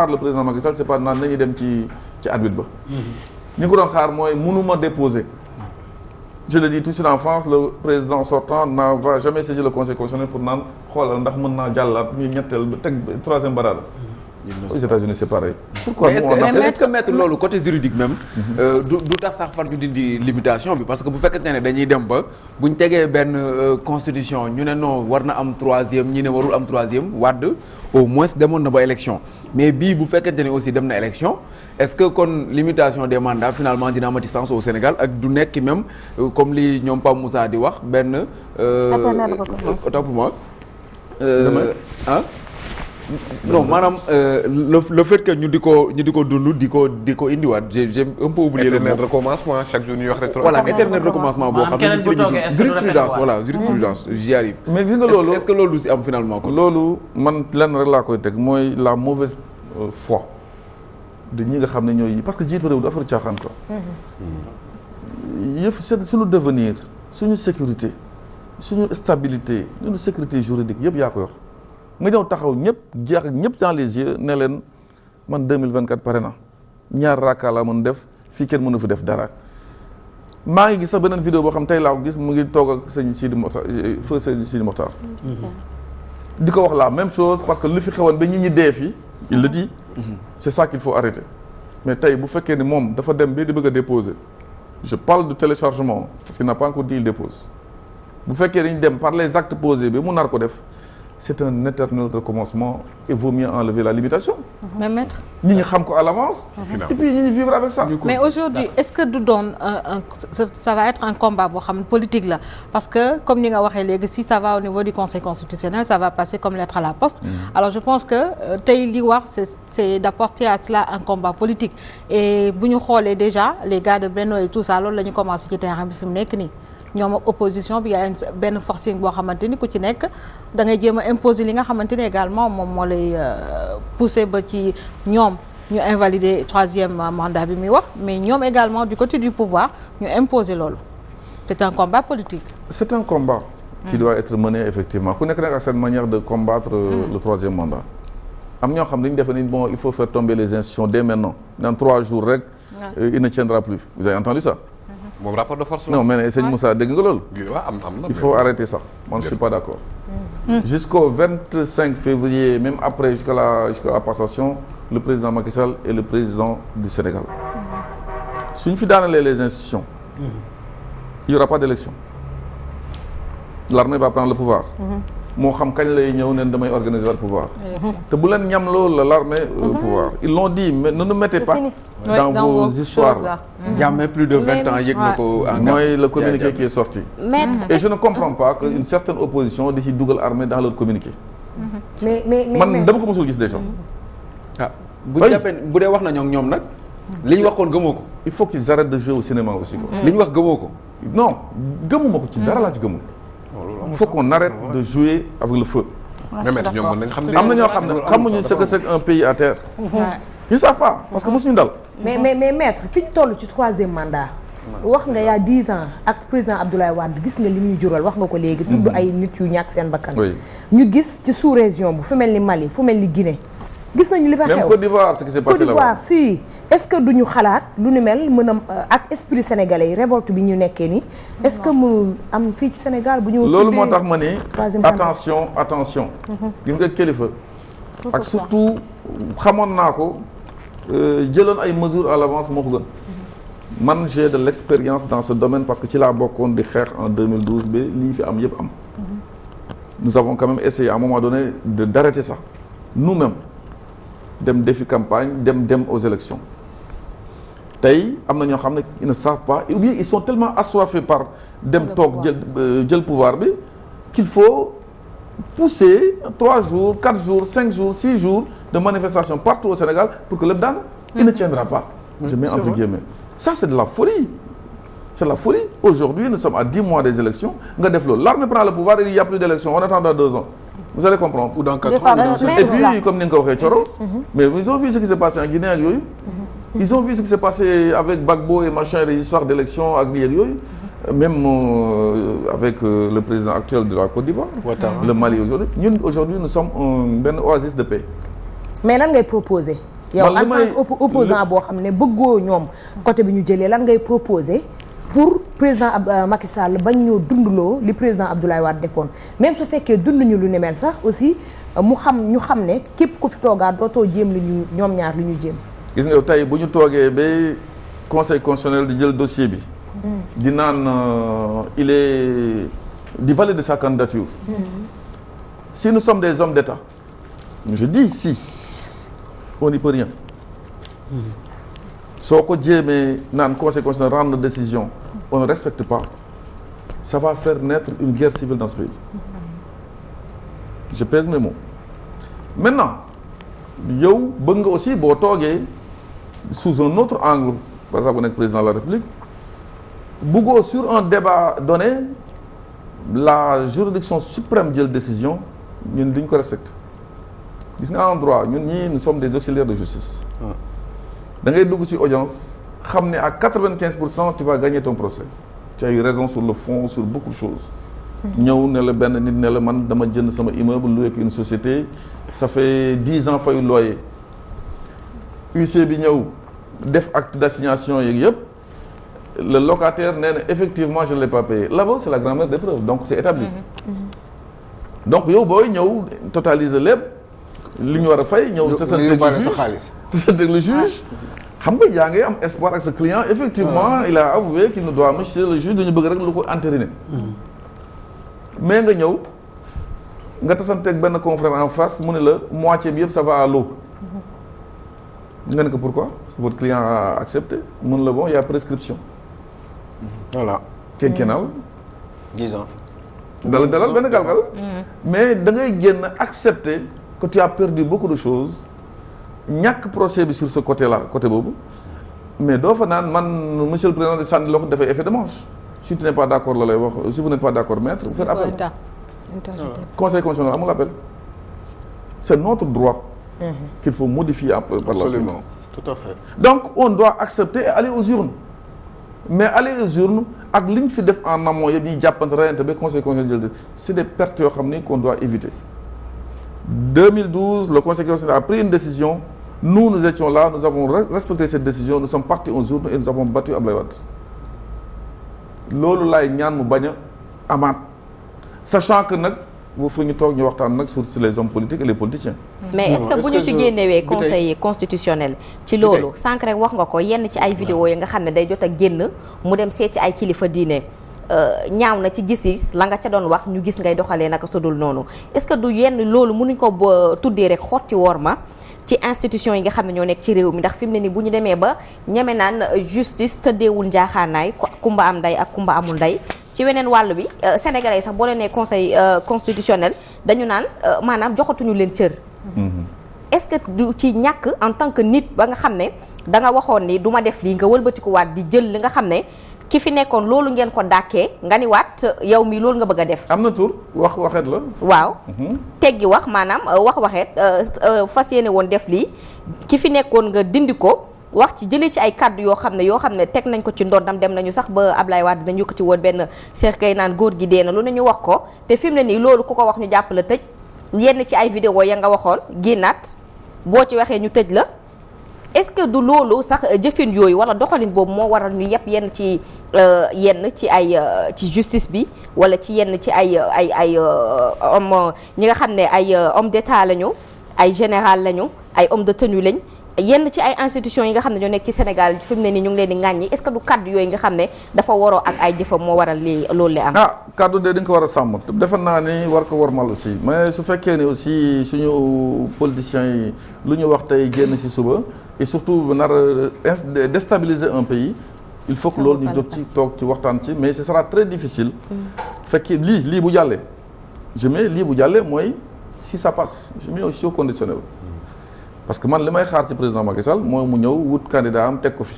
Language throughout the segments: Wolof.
xaar le président Macky Sall c'est pas naan nañu dem ci ci ba ñi mhm. ko doon xaar mooy mënuma déposé je le dis tout de suite en France le président sortant n'a va jamais saisir le conseil constitutionnel pour naan xoolal ndax mën naa jàllaat ñu ñetteel ba teg troisième barada aux États-Unis c'est pareil. pourquoi mais est-ce que mhm. euh, tax sax far ju dindi limitation bi parce que bu fekkente ne dañuy dem ba bu ñu tegee benn euh, constitution ñu ne non war na am troisième ñi ne warul am troisième wàdd au moins demoon na ba élection mais bii bu fekkente ne aussi dem na élection est-ce que kon limitation des mandats finalement dina amati sens au Sénégal ak du nekk même euh, comme li ñoom Pape Moussa di wax benn. ah. non maanaam euh, le le fait ñu di ko ñu di ko dund di ko di ko indiwaat j'ai j'ai un peu recommencement chaque jour ñuy wax rétro voilà recommencement boo xam ne ñu ci jurisprudence voilà jurisprudence hmm. j'y arrive mais gis nga loolu est-ce que loolu si am man lenn rek laa koy teg mooy la mauvaise euh, foi de ñi nga xam ne ñooy parce que jiitu réew du affaire caaxaan ko hmm. yëf seen suñu devenir suñu sécurité suñu stabilité suñu sécurité juridique yëpp yaa ko yor ma ñëw taxaw ñëpp jeex ak ñëpp dans les yeux ne leen man 2024 pare na ñaar raaka laa mën def fii kenn mënu fi def dara maa ngi gis sax beneen vidéo boo xam tey laa ko gis mu ngi toog ak sëñ Sidi Mokhtar feu sëñ Sidi Mokhtar mm-hmm. di ko wax la même chose parce que lu fi xewoon bi ñi ñi dee fi il le dit mm-hmm. c'est ça qu'il faut arrêter mais tey bu fekkee ni moom dafa dem bii di bëgg a déposer je parle de téléchargement parce qu'il n'a pas encore dit il dépose bu fekkee dañu dem par les actes posés bi mu nar ko def c'est un éternel recommencement et vaut mieux enlever la limitation. Mhm. mais maître ñi ñu xam ko à l'avance. Mhm. et puis ñu vivre avec ça. mais aujourd'hui est-ce que du doon euh, un ça va être un combat boo xam ne politique la parce que comme ni nga waxee léegi si ça va au niveau du conseil constitutionnel ça va passer comme lettre à la poste. Mhm. alors je pense que euh, tey li wax c'est c'est d'apporter à cela un combat politique et bu ñu xoolee déjà les gars de Benno et tout ça loolu la ñu commencé ci terrain bi fi mu nekk nii. ñoom ak opposition bi yaa benn forcing boo xamante ni ku ci nekk da ngay jéem a imposer li nga xamante ni également moom moo lay euh, pousser ba ci ñoom ñu invalider troisième euh, mandat bi muy wax mais ñoom également du coté du pouvoir ñu imposer loolu c'est un combat politique. c'est un combat. qui mm. doit être mené effectivement ku nekk nag ak seen manière de combattre euh, mm. le troisième mandat. am ñoo xam dañu defe ni bon il faut faire tomber les institutions dès maintenant dans moom rapport de force la. non mais sëñ Moussa dégg nga loolu. waaw am am na il faut arrêter ça man je suis pas d' accord. jusqu'au 25 février même la jusqu'à la passation le président Macky Sall est le président du Sénégal suñ fi daanalee les institutions. il y aura pas d' élection. l'armée va prendre le pouvoir. moo xam kañ lay ñëw neen damay organiser waat pouvoir te bu leen ñam loolu la l'armée euh, mhm. pouvoir ils l'ont dit mais ne nous mettez pas dans vos histoires là Diamé mhm. plus de vingt ans yëg na ko mooy le communiqué qui est sorti et je ne comprends pas que une certaine opposition di ci dugal armée dans leur communiqué mhm. mais man dama ko mosul gis déjà ah bu dee wax na ñoom ñoom nag li ñu waxoon gëmoo ko il faut qu'ils arrêtent de jouer au cinéma aussi quoi li ñu wax gëmoo ko il faut qu'on arrête de jouer avec le feu. mais mais ñoom mën nañ xam ne am na ñoo xam ne xamuñu ce que c'est qu'un pays à terre. ils savent pas parce que mosuñu dal. mais mais mais maître fi ñu toll ci troisième mandat. wax nga yaa dix ans ak président Abdoulaye Wade gis nga li ñu jural wax nga ko léegi. tudd mm-hmm. ay nit yu ñàkk seen bakkan. ñu gis ci sous-région bu fu mel ni Mali fu mel ni Guinée. gis nañu li fa xew même d'Ivoire ce qui s'est passé d'Ivoire si est duñu xalaat lu ni mel mën a euh, ak esprit sénégalais yi révolte bi ñu nekkee nii. est-ce que mënul am fii ci Sénégal bu ñu. loolu moo tax ma ne attention attention. Mhm. gis nga kilifa. ak surtout xamoon naa ko euh, jëloon ay mesures à l'avance moo ko gën. Mhm. man j'ai de l'expérience dans ce domaine parce que ci laa bokkoon di xeex en 2012 ba lii fi am yëpp am. Mhm. nous avons quand même essayé à moment donné de d'arrêter sax nous-mêmes. dem defi campagne dem dem aux élections tey am na ñoo xam ne ils ne savent pas ou bien ils sont tellement assoiffés par dem toog jël euh, jël pouvoir bi qu'il faut pousser trois jours quatre jours cinq jours six jours de manifestation partout au Sénégal pour que lépp daan il ne mm-hmm. tiendra pas je c'est de la folie c'est de la folie aujourd'hui nous sommes à dix mois des élections nga def loolu l'armée le pouvoir il n'y a plus d'élections on attendra deux ans vous allez comprendre ou dans quatre ans et puis comme ni nga ko waxee Thioro mhm. Mhm. mais ils ont vu ce qui s'est passé en Guinée ak yooyu mhm. ils ont vu ce qui s'est passé avec Gbagbo et machin les histoires d'élection ak lii ak yooyu même euh, avec euh, le président actuel de la Côte d'Ivoire le Mali aujourd'hui ñun aujourd'hui nous sommes un benn oasis de paix mais lan ngay proposer yow en tant que opposant boo xam ne bëggoo ñoom côté bi ñu jëlee lan ngay proposer pour président ab euh, Macky Sall bañ ñoo dundloo li président Abdoulaye Wade defoon même su fekkee dunduñu lu ne mel sax aussi euh, mu xam ñu xam ne képp ku fi toogaat dootoo jéem li ñu ñoom ñaar li ñu jéem. gis nga tey bu ñu toogee ba conseil constitutionnel di jël dossier bi. Mm. di naan euh, il est di valider sa candidature. Mmh. si nous sommes des hommes d'État je dis si on n'y peut rien. Mm. soo ko jéemee naan conseil constitutionnel rendre décision. on ne respecte pas ça va faire naître une guerre civile dans ce pays je pèse mes mots yow bëgg nga aussi boo toogee sous un autre angle par exemple bu nekk président de la république bëggoo sur un débat donné la juridiction suprême jël décision ñun duñ ko respecte gis nga en droit ñun ñii nous sommes des auxiliaires de justice ah. da ngay dugg ci audience xam ne ak quatre-vingt-quinze pour cent tu vas gagner ton procès tu as raison sur le fond sur beaucoup de choses ñëw ne la benn nit ne la man dama jënd sama immeuble loué ko une société ça fait dix ans fayu loyer huissier bi ñëw def acte d'assignation yeeg yëpp le locataire nee effectivement je ne l'ai pas payé là-bas c'est la grand-mère des preuves donc c'est établi mm-hmm. Mm-hmm. donc yow booy ñëw totaliser lépp li ñu war a fay ñëw tasante le juge xam nga yaa ngi am espoir ak sa client effectivement il a avoué qu'il ne doit monsieur le juge dañu bëgg rek lu ko entériner mm. mais nga ñëw nga tasanteeg benn confrère en face mu ne la moitié bi yëpp ça va à l'eau mm. nga ne ko pourquoi votre client a accepté mun la bon y a prescription mm-hmm. voilà mm. dalal dalal benn galgal mais da ngay génn accepter que tu as perdu beaucoup de choses ñàkk procès bi sur ce côté la côté boobu mais doo fa naan man monsieur le président de sànni loxo dafay effet de manche si tu n'es pas d'accord la lay wax si vous n'êtes pas d'accord maître vous faites appel ah. conseil constitutionnel amul appel c'est notre droit mm-hmm. qu'il faut modifier après par la suite donc on doit accepter aller aux urnes mais aller aux urnes ak li ñu fi def en amont yëpp ñuy jàppante reyante ba conseil constitutionnel jël c'est des pertes yoo xam ne qu'on o éviter 2012 le conseil constitutionnel a pris une décision Nous, nous étions là, nous avons respecté cette décision, nous sommes partis aux urnes et loolu laay ñaan bañ a amaat nag boo fa ñu ñu waxtaan nag sur les hommes politiques et les politiciens. mais est-ce que bu ñu ci génnewee conseil constitutionnel. wax nga ko yenn ci ay vidéo yi xam ne day jot a génn mu dem seet ci ay kilifa diine. Euh, ñaaw na ci gis-gis la nga ca doon wax ñu gis ngay doxalee naka sudul noonu est-ce que du yenn loolu mënuñ ko tuddee rek xotti woor ma. ci institution yi nga xam ne ñoo nekk ci réew mi ndax fi mu ne ni bu ñu demee ba ñeme naan euh, justice tëddeewul njaaxaanaay kumba am ndey ak kumba amul ndey ci weneen wàll bi euh, sénégalais sax boo leen nee conseil euh, constitutionnel dañu naan maanaam joxatuñu leen cër mm-hmm. est-ce que du ci ñàkk en tant que nit ba nga xam ne da nga waxoon ni duma def lii nga wëlbatikuwaat di jël li nga xam ne ki fi nekkoon loolu ngeen ko dàqee nga ni waat yow mi loolu nga bëgg a def. am na tur wax waxeet la. waaw. Mhm. teggi wax maanaam euh, wax waxeet euh, euh, fas yéene woon def lii ki fi nekkoon nga dindi ko. wax ci jëlee ci ay kàdd yoo xam ne yoo xam ne teg nañ ko ci ndondam dem nañu sax ba Ablaye Wade dañu yëkkati woon benn seex kay naan góor gi dee na lu ne ñu wax ko te fi mu ne nii loolu ku ko wax ñu jàpp la tëj yenn ci ay vidéo ya nga waxoon génnaat boo ci waxee ñu tëj la. est-ce que du loolu sax euh, jëfin yooyu wala doxalin boobu moo waral ñu yëpp yenn ci euh, yenn ci ay euh, ci justice bi wala ci yenn ci ay ay ay homme ñi nga xam ne ay homme d'état lañu ay général lañu ay homme de tenue lañ yenn ci ay institutions yi nga xam ne ñoo nekk ci Sénégal fi mu ne nii ñu ngi leen di ŋàññi est-ce que du kaddu yooyu nga xam ne dafa waroo ak ay jëfam moo waral lii loolu li am. ah kaddu de dañ ko war a sàmm defe naa ni ko war mal aussi mais su fekkee ne aussi suñu politiciens yi lu ñu wax tey génn ci suba. surtout nar déstabiliser un pays il faut que loolu ñu jóg ci toog ci waxtaan ci mais ce sera très difficile mm. fekkee lii lii bu jàlle je mets lii bu jàllee mooy si ça passe je mets aussi au conditionnel mm. parce que man li may xaar ci président Macky Sall mooy mu ñëw wut candidat am teg ko fi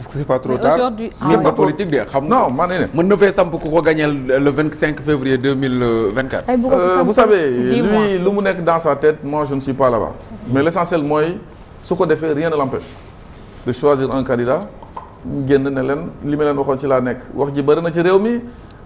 est-ce que c'est ah, xam non maa ne ne mën na fee samp ku ko gañeel le 25 février 2024 euh, vous savez lui lu mu nekk dans sa tête moi je ne suis pas là-bas mais l'essentiel mooy su ko defee rien ne l'empêche de choisir un candidat génn ne leen li ma leen waxoon ci laa nekk wax ji bëri na ci réew mi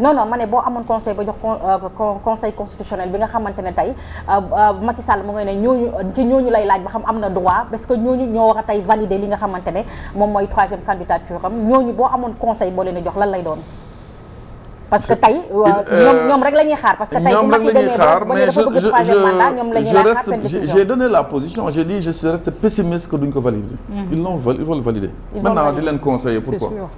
non non ma ne boo amoon conseil ba jox euh, conseil constitutionnel bi nga xamante ne tey euh, euh, mu ngi ne ci ñooñu lay laaj ba xam am na droit parce que ñoo war a tey valider li nga xamante moom mooy troisième candidature am ñooñu boo amoon conseil boo leen a jox lan ñoom ñoom rek la ñuy xaar. parce que tey la ñuy xaar mais je je reste j'ai donné la position j'ai dit je reste pessimiste que duñ ko valider. Mm. ils l'ont ils vont le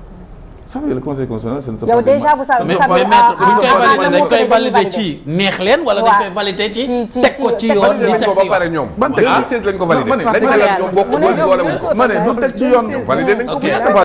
savez le conseil constitutionnel seen. yow déjà vous savez ah, ah, ah, dañ koy valider ci neex leen. wala dañ koy valider ci teg ko ci yoon. di teg si yoon ban teg lañ ko valider. lañ ko valider ñoom bokkul wala wala ma ne ñu teg ci yoon. valider nañ ko